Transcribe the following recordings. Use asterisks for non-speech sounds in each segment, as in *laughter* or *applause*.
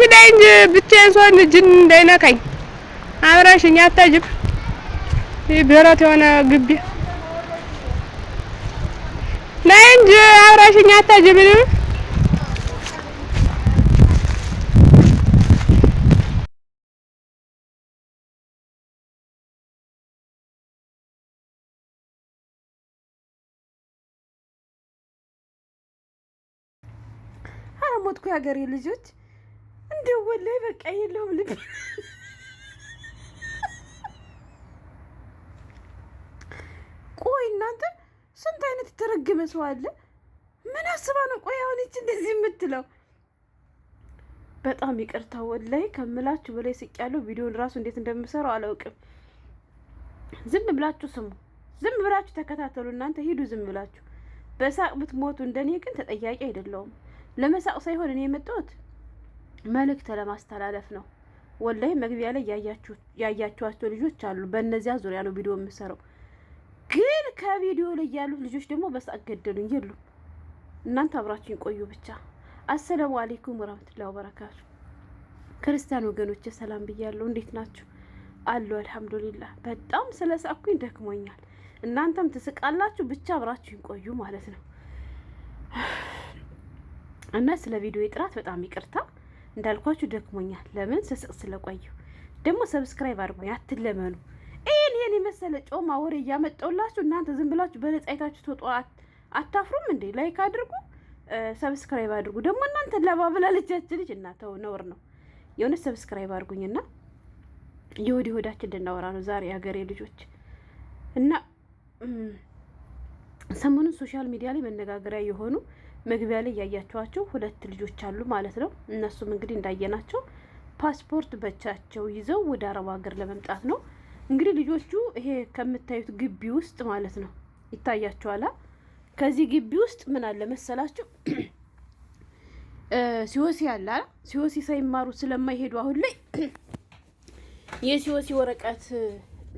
እንዳይኝ ብቻዬን ሰሆን ጅን እንዳይነካኝ አብረሽኝ አታጅብ። ብረት የሆነ ግቢ ነይ እንጂ አብረሽኝ አታጅብ። ሞትኩ የሀገሬ ልጆች። እንደው ወላሂ በቃ የለውም ልብ ቆይ እናንተ ስንት አይነት የተረገመ ሰው አለ? ምን አስባ ነው? ቆይ አሁንች እንደዚህ የምትለው በጣም ይቅርታ ወላይ ከምላችሁ በላይ ስቅ ያለው ቪዲዮን ራሱ እንዴት እንደምሰራው አላውቅም። ዝም ብላችሁ ስሙ፣ ዝም ብላችሁ ተከታተሉ። እናንተ ሂዱ ዝም ብላችሁ በሳቅ ብትሞቱ፣ እንደኔ ግን ተጠያቂ አይደለውም። ለመሳቅ ሳይሆን እኔ የመጣሁት መልእክት ለማስተላለፍ ነው። ወላይ መግቢያ ላይ ያያችኋቸው ልጆች አሉ። በእነዚያ ዙሪያ ነው ቪዲዮ የምሰራው። ግን ከቪዲዮ ላይ ያሉት ልጆች ደግሞ በሳ ገደሉኝ የሉም። እናንተ አብራችሁኝ ቆዩ ብቻ። አሰላሙ አሌይኩም ወራህመቱላሂ ወበረካቱ። ክርስቲያን ወገኖች ሰላም ብያለሁ። እንዴት ናችሁ? አሉ አልሐምዱሊላህ። በጣም ስለ ሳኩኝ ደክሞኛል። እናንተም ትስቃላችሁ። ብቻ አብራችሁኝ ቆዩ ማለት ነው እና ስለ ቪዲዮ ጥራት በጣም ይቅርታ እንዳልኳችሁ ደክሞኛል። ለምን ስስቅ ስለቆየሁ ደግሞ ሰብስክራይብ አድርጎኝ አትለመኑ። ይህን ይህን የመሰለ ጮማ ወሬ እያመጣውላችሁ እናንተ ዝም ብላችሁ በነጻ አይታችሁ ተወጡ አታፍሩም እንዴ? ላይክ አድርጉ፣ ሰብስክራይብ አድርጉ። ደግሞ እናንተ ለባብላለቻችን ልጅ እናተው ነውር ነው የሆነ ሰብስክራይብ አድርጉኝና የወዲ ሆዳችን እንድናወራ ነው ዛሬ የሀገሬ ልጆች እና ሰሞኑን ሶሻል ሚዲያ ላይ መነጋገሪያ የሆኑ መግቢያ ላይ እያያቸዋቸው ሁለት ልጆች አሉ ማለት ነው። እነሱም እንግዲህ እንዳየናቸው ፓስፖርት በቻቸው ይዘው ወደ አረብ ሀገር ለመምጣት ነው። እንግዲህ ልጆቹ ይሄ ከምታዩት ግቢ ውስጥ ማለት ነው ይታያቸዋላ። ከዚህ ግቢ ውስጥ ምን አለ መሰላችሁ? *clears throat* ሲወሲ አለ ሲወሲ ሳይማሩ ስለማይሄዱ አሁን ላይ *clears throat* የሲወሲ ወረቀት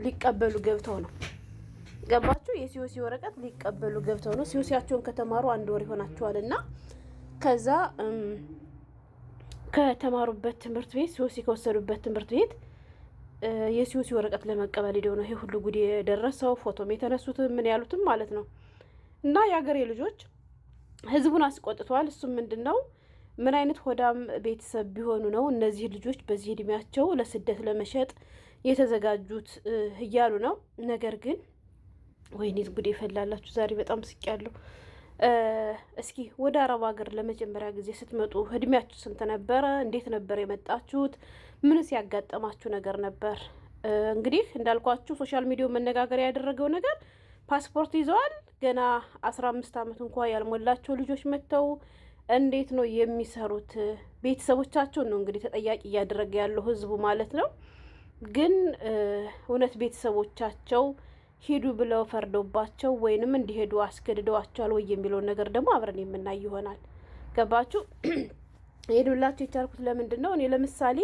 ሊቀበሉ ገብተው ነው ገባ ያላቸው የሲዮሲ ወረቀት ሊቀበሉ ገብተው ነው። ሲዮሲያቸውን ከተማሩ አንድ ወር ይሆናቸዋል እና ከዛ ከተማሩበት ትምህርት ቤት ሲዮሲ ከወሰዱበት ትምህርት ቤት የሲዮሲ ወረቀት ለመቀበል ሄደው ነው ይሄ ሁሉ ጉድ የደረሰው። ፎቶም የተነሱት ምን ያሉትም ማለት ነው። እና የሀገሬ ልጆች ህዝቡን አስቆጥተዋል። እሱም ምንድን ነው ምን አይነት ሆዳም ቤተሰብ ቢሆኑ ነው እነዚህ ልጆች በዚህ እድሜያቸው ለስደት ለመሸጥ የተዘጋጁት እያሉ ነው። ነገር ግን ወይኔት ጉዴ የፈላላችሁ ዛሬ በጣም ስቅ ያለሁ እስኪ ወደ አረብ ሀገር ለመጀመሪያ ጊዜ ስትመጡ እድሜያችሁ ስንት ነበረ? እንዴት ነበር የመጣችሁት? ምንስ ያጋጠማችሁ ነገር ነበር? እንግዲህ እንዳልኳችሁ ሶሻል ሚዲያው መነጋገሪያ ያደረገው ነገር ፓስፖርት ይዘዋል ገና አስራ አምስት ዓመት እንኳ ያልሞላቸው ልጆች መጥተው እንዴት ነው የሚሰሩት? ቤተሰቦቻቸውን ነው እንግዲህ ተጠያቂ እያደረገ ያለው ህዝቡ ማለት ነው። ግን እውነት ቤተሰቦቻቸው ሂዱ ብለው ፈርዶባቸው ወይንም እንዲሄዱ አስገድደዋቸዋል ወይ የሚለውን ነገር ደግሞ አብረን የምናይ ይሆናል። ገባችሁ? *clears throat* ሄዱላቸው የቻልኩት ለምንድን ነው? እኔ ለምሳሌ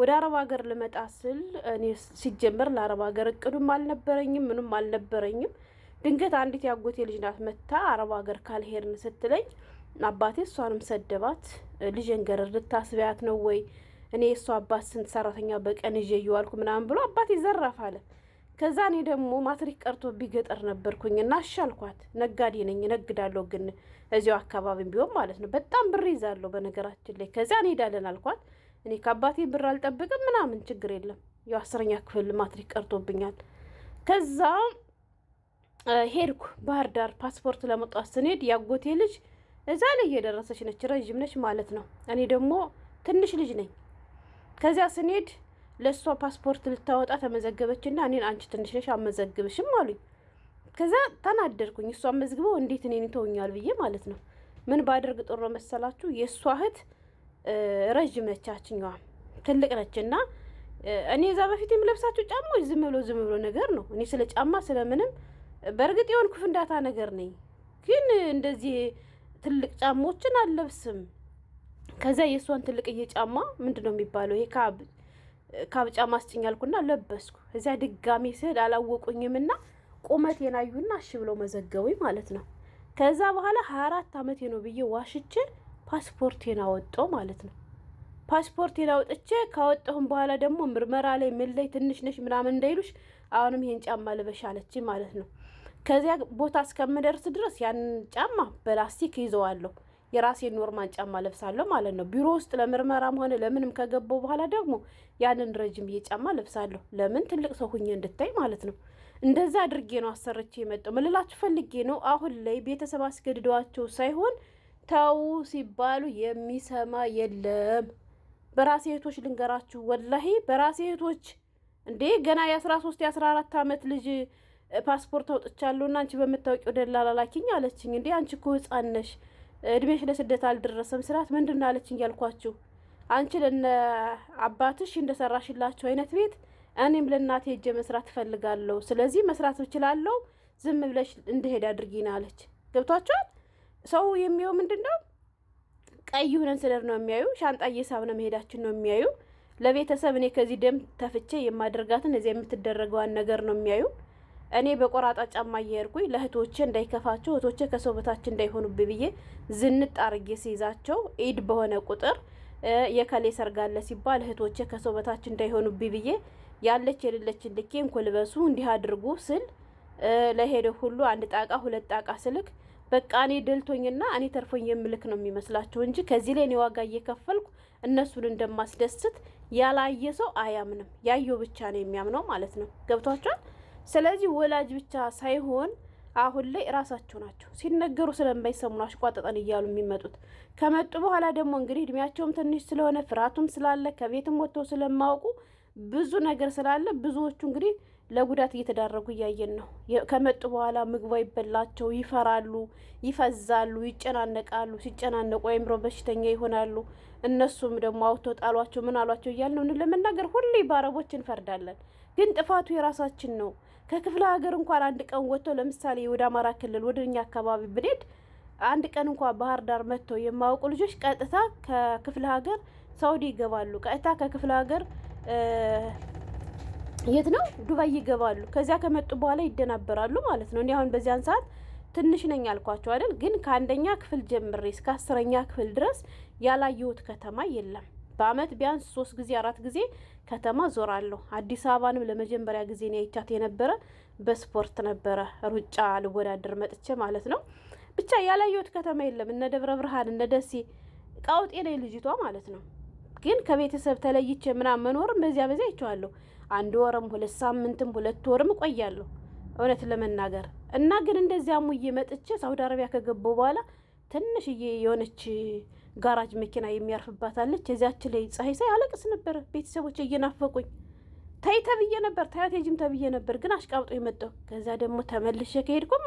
ወደ አረብ ሀገር ልመጣ ስል እኔ ሲጀመር ለአረብ ሀገር እቅዱም አልነበረኝም፣ ምንም አልነበረኝም። ድንገት አንዲት ያጎቴ ልጅ ናት መታ አረብ ሀገር ካልሄድን ስትለኝ አባቴ እሷንም ሰደባት። ልጅን ገረድ ልታስቢያት ነው ወይ እኔ የእሷ አባት ስንት ሰራተኛ በቀን ይዤ እየዋልኩ ምናምን ብሎ አባቴ ዘራፍ አለ። ከዛ እኔ ደግሞ ማትሪክ ቀርቶ ቢገጠር ነበርኩኝ እና አሻልኳት። ነጋዴ ነኝ እነግዳለሁ፣ ግን እዚው አካባቢ ቢሆን ማለት ነው። በጣም ብር ይዛለሁ በነገራችን ላይ። ከዚያ እንሄዳለን አልኳት። እኔ ከአባቴ ብር አልጠብቅም ምናምን፣ ችግር የለም ያው አስረኛ ክፍል ማትሪክ ቀርቶብኛል። ከዛ ሄድኩ ባህር ዳር ፓስፖርት ለመውጣት ስንሄድ ያጎቴ ልጅ እዛ ላይ እየደረሰች ነች፣ ረዥም ነች ማለት ነው። እኔ ደግሞ ትንሽ ልጅ ነኝ። ከዚያ ስንሄድ ለእሷ ፓስፖርት ልታወጣ ና እኔን አንቺ ትንሽ ነሽ አመዘግብሽም አሉኝ። ከዛ ተናደርኩኝ። እሷ መዝግበው እንዴት እኔን ይተውኛል ብዬ ማለት ነው። ምን ባደርግ ጥሩ መሰላችሁ? የእሷ እህት ረዥም ነች፣ ትልቅ ነች እና እኔ እዛ በፊት የምለብሳቸው ጫማዎች ዝም ብሎ ዝም ብሎ ነገር ነው። እኔ ስለ ጫማ ስለምንም በእርግጥ የሆንኩ ክፍንዳታ ነገር ነኝ፣ ግን እንደዚህ ትልቅ ጫማዎችን አልለብስም። ከዛ የእሷን ትልቅዬ ጫማ ምንድን ነው የሚባለው የካብ ካብጫ ማስጭኝ አልኩና ለበስኩ። እዚያ ድጋሜ ስሄድ አላወቁኝምና ቁመቴን አዩና እሺ ብለው መዘገቡኝ ማለት ነው። ከዛ በኋላ ሀያ አራት አመቴ ነው ብዬ ዋሽቼ ፓስፖርቴን አወጣው ማለት ነው። ፓስፖርቴን አውጥቼ ካወጣሁም በኋላ ደግሞ ምርመራ ላይ ምን ላይ ትንሽ ነሽ ምናምን እንዳይሉሽ አሁንም ይሄን ጫማ ልበሽ አለች ማለት ነው። ከዚያ ቦታ እስከምደርስ ድረስ ያንን ጫማ በላስቲክ ይዘዋለሁ። የራሴን ኖርማል ጫማ ለብሳለሁ ማለት ነው። ቢሮ ውስጥ ለምርመራም ሆነ ለምንም ከገባው በኋላ ደግሞ ያንን ረጅም ይሄ ጫማ ለብሳለሁ። ለምን ትልቅ ሰው ሁኜ እንድታይ ማለት ነው። እንደዛ አድርጌ ነው አሰርቼ የመጣው። ምልላችሁ ፈልጌ ነው። አሁን ላይ ቤተሰብ አስገድደዋቸው ሳይሆን ተው ሲባሉ የሚሰማ የለም። በራሴ እህቶች ልንገራችሁ፣ ወላሂ በራሴ እህቶች እንዴ ገና የአስራ ሶስት የአስራ አራት አመት ልጅ ፓስፖርት አውጥቻለሁና አንቺ በምታወቂው ደላላ ላኪኝ አለችኝ። እንዴ አንቺ እኮ ነሽ እድሜሽ ለስደት አልደረሰም ስርዓት ምንድን አለችኝ ያልኳችሁ አንቺ ለነ አባትሽ እንደሰራሽላቸው አይነት ቤት እኔም ለእናቴ ሄጄ መስራት እፈልጋለሁ። ስለዚህ መስራት እችላለሁ፣ ዝም ብለሽ እንደሄድ አድርጊና አለች። ገብቷችኋል? ሰው የሚየው ምንድን ነው? ቀይ ሁነን ስለር ነው የሚያዩ፣ ሻንጣ ነው መሄዳችን ነው የሚያዩ። ለቤተሰብ እኔ ከዚህ ደም ተፍቼ የማደርጋትን እዚያ የምትደረገዋን ነገር ነው የሚያዩ። እኔ በቆራጣ ጫማ እየሄድኩኝ ለእህቶቼ እንዳይከፋቸው እህቶቼ ከሰው በታች እንዳይሆኑብ ብዬ ዝንጥ አርጌ ሲይዛቸው ኢድ በሆነ ቁጥር የከሌ ሰርጋለ ሲባል እህቶቼ ከሰው በታች እንዳይሆኑብ ብዬ ያለች የሌለችን ልኬ እንኮልበሱ እንዲህ አድርጉ ስል ለሄደ ሁሉ አንድ ጣቃ ሁለት ጣቃ ስልክ በቃ እኔ ደልቶኝና እኔ ተርፎኝ የምልክ ነው የሚመስላቸው እንጂ ከዚህ ላይ እኔ ዋጋ እየከፈልኩ እነሱን እንደማስደስት ያላየ ሰው አያምንም። ያየው ብቻ ነው የሚያምነው ማለት ነው። ገብቷቸዋል። ስለዚህ ወላጅ ብቻ ሳይሆን አሁን ላይ እራሳቸው ናቸው ሲነገሩ ስለማይሰሙን አሽቋጠጠን እያሉ የሚመጡት። ከመጡ በኋላ ደግሞ እንግዲህ እድሜያቸውም ትንሽ ስለሆነ ፍርሃቱም ስላለ ከቤትም ወጥተው ስለማውቁ ብዙ ነገር ስላለ ብዙዎቹ እንግዲህ ለጉዳት እየተዳረጉ እያየን ነው። ከመጡ በኋላ ምግብ አይበላቸው፣ ይፈራሉ፣ ይፈዛሉ፣ ይጨናነቃሉ። ሲጨናነቁ አይምሮ በሽተኛ ይሆናሉ። እነሱም ደግሞ አውቶ ጣሏቸው፣ ምን አሏቸው እያልን ነው ለመናገር ሁሌ በአረቦች እንፈርዳለን። ግን ጥፋቱ የራሳችን ነው። ከክፍለ ሀገር እንኳን አንድ ቀን ወጥቶ ለምሳሌ ወደ አማራ ክልል ወደ እኛ አካባቢ ብንሄድ አንድ ቀን እንኳን ባህር ዳር መጥቶ የማያውቁ ልጆች ቀጥታ ከክፍለ ሀገር ሳውዲ ይገባሉ። ቀጥታ ከክፍለ ሀገር የት ነው ዱባይ ይገባሉ። ከዚያ ከመጡ በኋላ ይደናበራሉ ማለት ነው። እኔ አሁን በዚያን ሰዓት ትንሽ ነኝ አልኳቸው አይደል? ግን ከአንደኛ ክፍል ጀምሬ እስከ አስረኛ ክፍል ድረስ ያላየሁት ከተማ የለም። በአመት ቢያንስ ሶስት ጊዜ አራት ጊዜ ከተማ ዞራለሁ። አዲስ አበባንም ለመጀመሪያ ጊዜ ነው አይቻት የነበረ በስፖርት ነበረ ሩጫ ልወዳደር መጥቼ ማለት ነው። ብቻ ያላየሁት ከተማ የለም። እነ ደብረ ብርሃን እነ ደሴ ቃውጤ ነው ልጅቷ ማለት ነው። ግን ከቤተሰብ ተለይቼ ምናምን መኖርም በዚያ በዚያ አይቼዋለሁ። አንድ ወርም ሁለት ሳምንትም ሁለት ወርም እቆያለሁ እውነት ለመናገር እና ግን እንደዚያ ሙዬ መጥቼ ሳውዲ አረቢያ ከገባሁ በኋላ ትንሽዬ የሆነች ጋራጅ መኪና የሚያርፍባት አለች። ላይ ፀሐይ ሳይ አለቅስ ነበረ። ቤተሰቦች እየናፈቁኝ ተይ ተብዬ ነበር፣ ታያት ጅም ተብዬ ነበር፣ ግን አሽቃብጦ የመጣው ከዚያ ደግሞ ተመልሼ ከሄድኩማ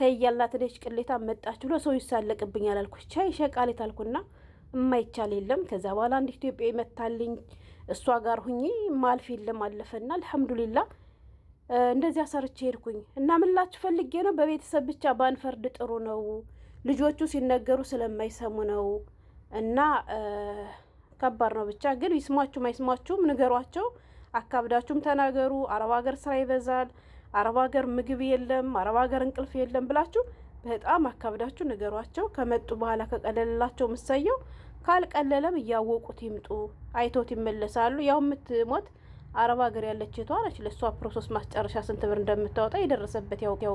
ተይ እያላት ደሽ ቅሌታ መጣች ብሎ ሰው ይሳለቅብኝ አላልኩ ቻይ ሸቃሌት አልኩና እማይቻል የለም። ከዛ በኋላ አንድ ኢትዮጵያ ይመታልኝ እሷ ጋር ሁኝ ማልፍ የለም አለፈና አልሐምዱሊላ እንደዚያ ሰርቼ ሄድኩኝ እና ምላችሁ ፈልጌ ነው። በቤተሰብ ብቻ ባንፈርድ ጥሩ ነው። ልጆቹ ሲነገሩ ስለማይሰሙ ነው። እና ከባድ ነው። ብቻ ግን ይስማችሁም አይስማችሁም ንገሯቸው። አካብዳችሁም ተናገሩ። አረብ ሀገር ስራ ይበዛል፣ አረብ ሀገር ምግብ የለም፣ አረብ ሀገር እንቅልፍ የለም ብላችሁ በጣም አካብዳችሁ ንገሯቸው። ከመጡ በኋላ ከቀለለላቸው ምሰየው፣ ካልቀለለም እያወቁት ይምጡ። አይቶት ይመለሳሉ። ያው የምትሞት አረብ ሀገር ያለች የተዋለች ለእሷ ፕሮሰስ ማስጨረሻ ስንት ብር እንደምታወጣ የደረሰበት ያውቅ